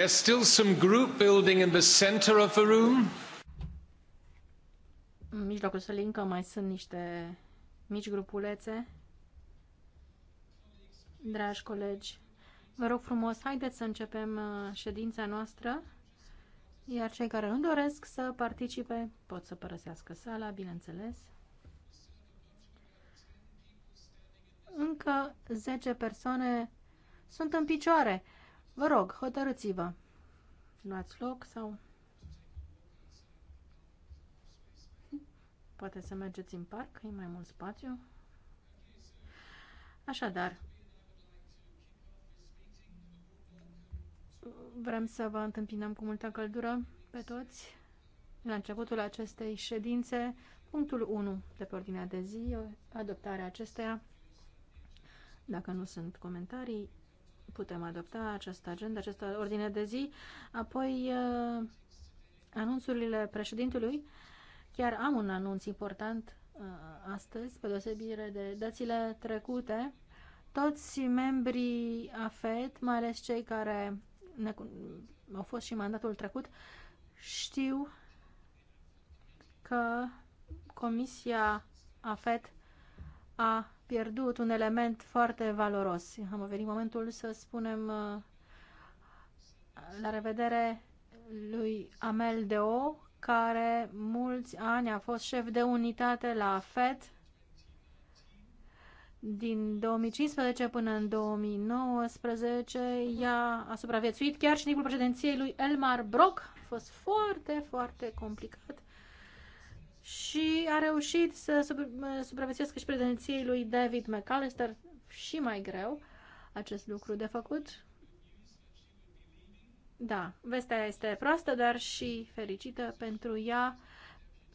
There's still some group building in the center of the room. În mijlocul sălii încă mai sunt niște mici grupulețe. Dragi colegi, vă rog frumos, haideți să începem uh, ședința noastră, iar cei care nu doresc să participe pot să părăsească sala, bineînțeles. Încă 10 persoane sunt în picioare. Vă rog, hotărâți-vă. Luați loc sau... Poate să mergeți în parc, e mai mult spațiu. Așadar, vrem să vă întâmpinăm cu multă căldură pe toți. La începutul acestei ședințe, punctul 1 de pe ordinea de zi, adoptarea acesteia. Dacă nu sunt comentarii, putem adopta această agenda, această ordine de zi. Apoi, uh, anunțurile președintelui. Chiar am un anunț important uh, astăzi, pe deosebire de dățile trecute. Toți membrii AFET, mai ales cei care ne, au fost și mandatul trecut, știu că Comisia AFET a pierdut un element foarte valoros. Am venit momentul să spunem uh, la revedere lui Amel Deo, care mulți ani a fost șef de unitate la FED din 2015 până în 2019. Ea a supraviețuit chiar și timpul președinției lui Elmar Brock. A fost foarte, foarte complicat și a reușit să supraviețuiască și prezenției lui David McAllister și mai greu acest lucru de făcut. Da, vestea este proastă, dar și fericită pentru ea.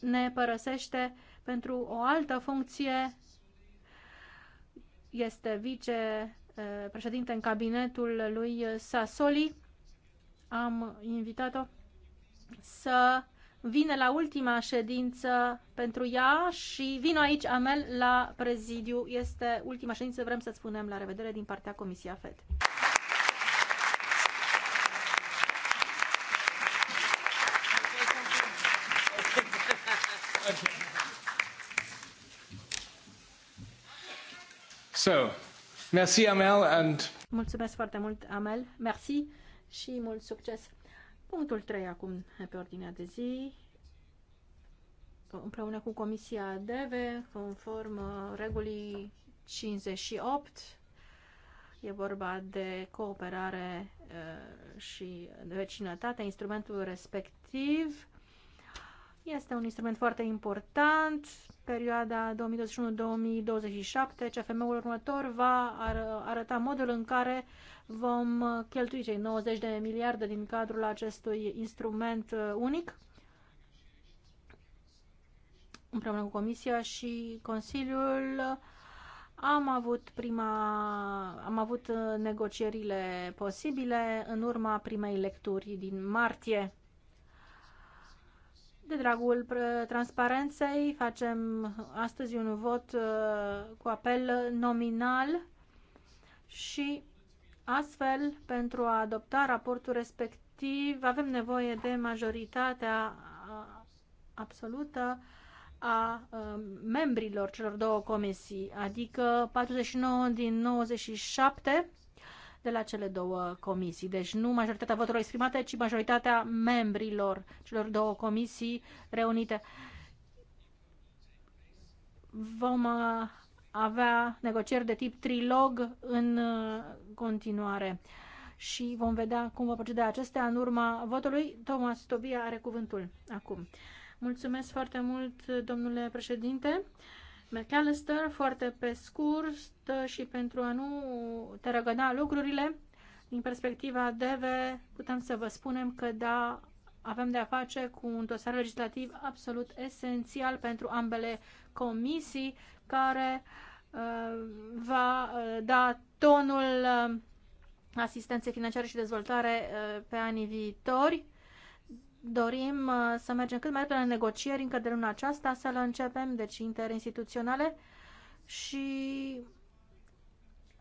Ne părăsește pentru o altă funcție. Este vicepreședinte eh, în cabinetul lui Sassoli. Am invitat-o să vine la ultima ședință pentru ea și vin aici, Amel, la prezidiu. Este ultima ședință, vrem să spunem la revedere din partea Comisia FED. So, merci Amel and... Mulțumesc foarte mult, Amel. Merci și mult succes! Punctul 3 acum pe ordinea de zi împreună cu Comisia DV, conform regulii 58. E vorba de cooperare uh, și de vecinătate. Instrumentul respectiv este un instrument foarte important. Perioada 2021-2027, CFM-ul următor va arăta modul în care vom cheltui cei 90 de miliarde din cadrul acestui instrument uh, unic împreună cu Comisia și Consiliul am avut prima am avut uh, negocierile posibile în urma primei lecturi din martie de dragul transparenței, facem astăzi un vot uh, cu apel nominal și astfel, pentru a adopta raportul respectiv, avem nevoie de majoritatea uh, absolută a uh, membrilor celor două comisii, adică 49 din 97 de la cele două comisii. Deci nu majoritatea voturilor exprimate, ci majoritatea membrilor celor două comisii reunite. Vom uh, avea negocieri de tip trilog în uh, continuare și vom vedea cum va proceda acestea în urma votului. Thomas Tobia are cuvântul acum. Mulțumesc foarte mult, domnule președinte. McAllister, foarte pe scurt uh, și pentru a nu te răgăna lucrurile, din perspectiva DV, putem să vă spunem că da, avem de a face cu un dosar legislativ absolut esențial pentru ambele comisii care uh, va uh, da tonul uh, asistenței financiare și dezvoltare uh, pe anii viitori dorim uh, să mergem cât mai repede la negocieri încă de luna aceasta, să le începem, deci interinstituționale și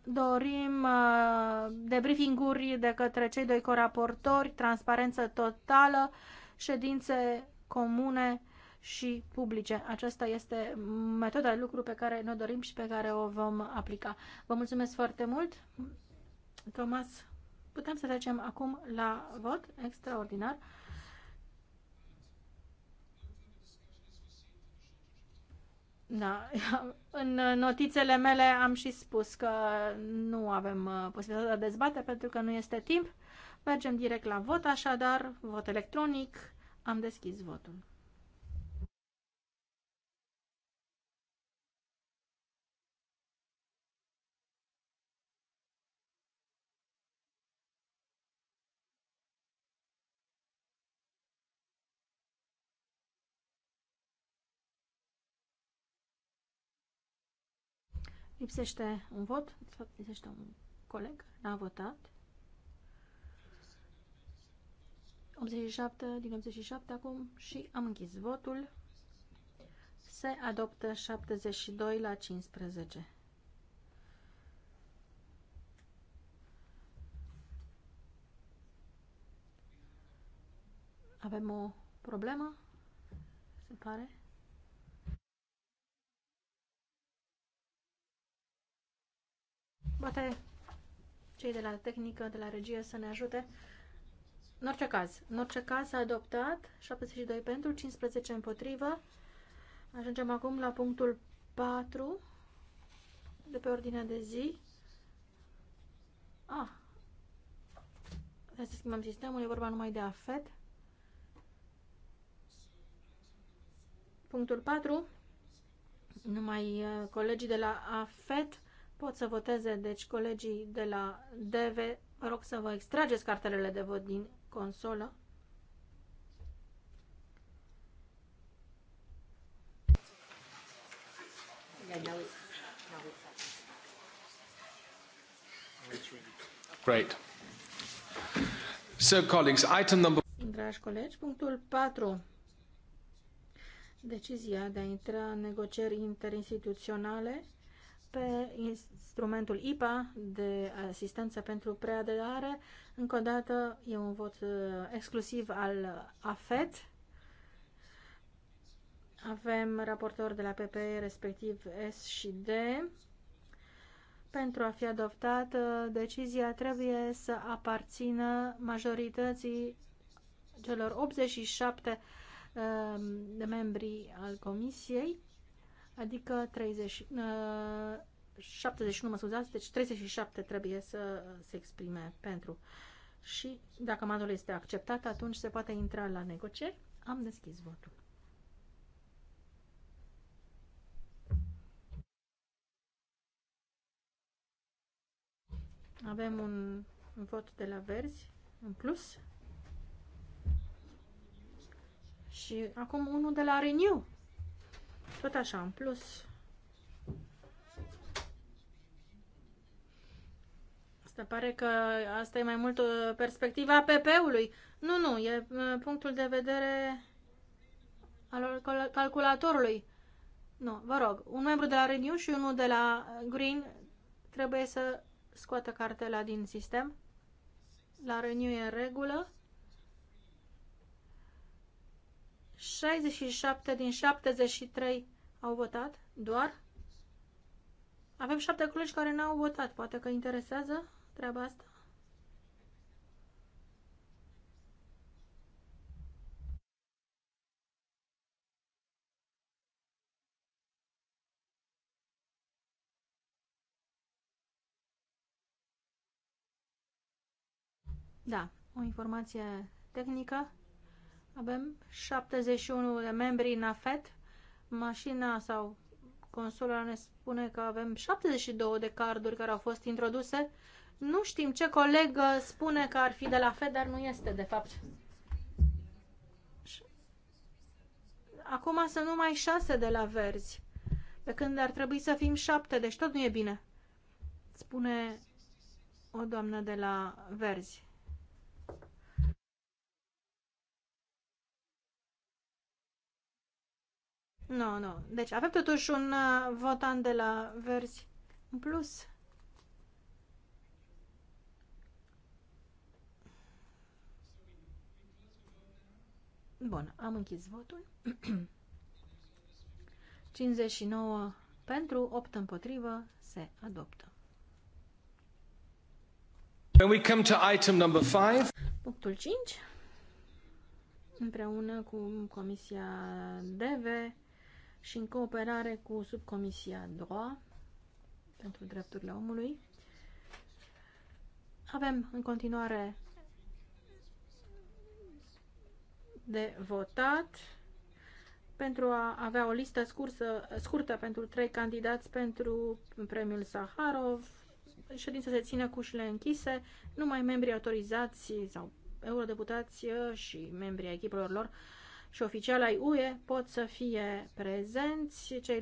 dorim uh, debriefing-uri de către cei doi coraportori, transparență totală, ședințe comune și publice. Aceasta este metoda de lucru pe care ne dorim și pe care o vom aplica. Vă mulțumesc foarte mult, Thomas. Putem să trecem acum la vot extraordinar. Da, în notițele mele am și spus că nu avem uh, posibilitatea de dezbate pentru că nu este timp. Mergem direct la vot, așadar, vot electronic. Am deschis votul. Lipsește un vot, de fapt lipsește un coleg, n-a votat. 87 din 87 acum și am închis votul. Se adoptă 72 la 15. Avem o problemă, se pare. Poate cei de la tehnică, de la regie să ne ajute. În orice caz, în orice caz s-a adoptat 72 pentru, 15 împotrivă. Ajungem acum la punctul 4 de pe ordinea de zi. Ah, să schimbăm sistemul, e vorba numai de afet. Punctul 4, numai uh, colegii de la afet pot să voteze, deci colegii de la DV, vă rog să vă extrageți cartelele de vot din consolă. Great. So, colleagues, item number... Dragi colegi, punctul 4. Decizia de a intra în negocieri interinstituționale pe instrumentul IPA de asistență pentru preaderare. Încă o dată e un vot uh, exclusiv al AFET. Avem raportori de la PPE, respectiv S și D. Pentru a fi adoptată, uh, decizia trebuie să aparțină majorității celor 87 uh, de membri al Comisiei adică 30, 71, uh, mă scuzați, deci 37 trebuie să se exprime pentru. Și dacă mandatul este acceptat, atunci se poate intra la negocieri. Am deschis votul. Avem un vot de la verzi în plus. Și acum unul de la Renew tot așa, în plus. Asta pare că asta e mai mult uh, perspectiva PP-ului. Nu, nu, e uh, punctul de vedere al calculatorului. Nu, vă rog, un membru de la Renew și unul de la Green trebuie să scoată cartela din sistem. La Renew e în regulă. 67 din 73 au votat, doar. Avem șapte colegi care n-au votat. Poate că interesează treaba asta? Da, o informație tehnică. Avem 71 de membri în AFET. Mașina sau consola ne spune că avem 72 de carduri care au fost introduse. Nu știm ce coleg spune că ar fi de la FED, dar nu este, de fapt. Acum sunt numai 6 de la verzi, pe când ar trebui să fim 7, deci tot nu e bine, spune o doamnă de la verzi. Nu, nu. Deci avem totuși un uh, votant de la Verzi în plus. Bun, am închis votul. 59 pentru, 8 împotrivă, se adoptă. When we come to item number five. Punctul 5. Împreună cu Comisia DEVE și în cooperare cu subcomisia DROA pentru drepturile omului. Avem în continuare de votat pentru a avea o listă scursă, scurtă pentru trei candidați pentru premiul Saharov. Ședința se ține cu ușile închise, numai membrii autorizați sau eurodeputați și membrii echipelor lor și oficiali ai UE pot să fie prezenți, cei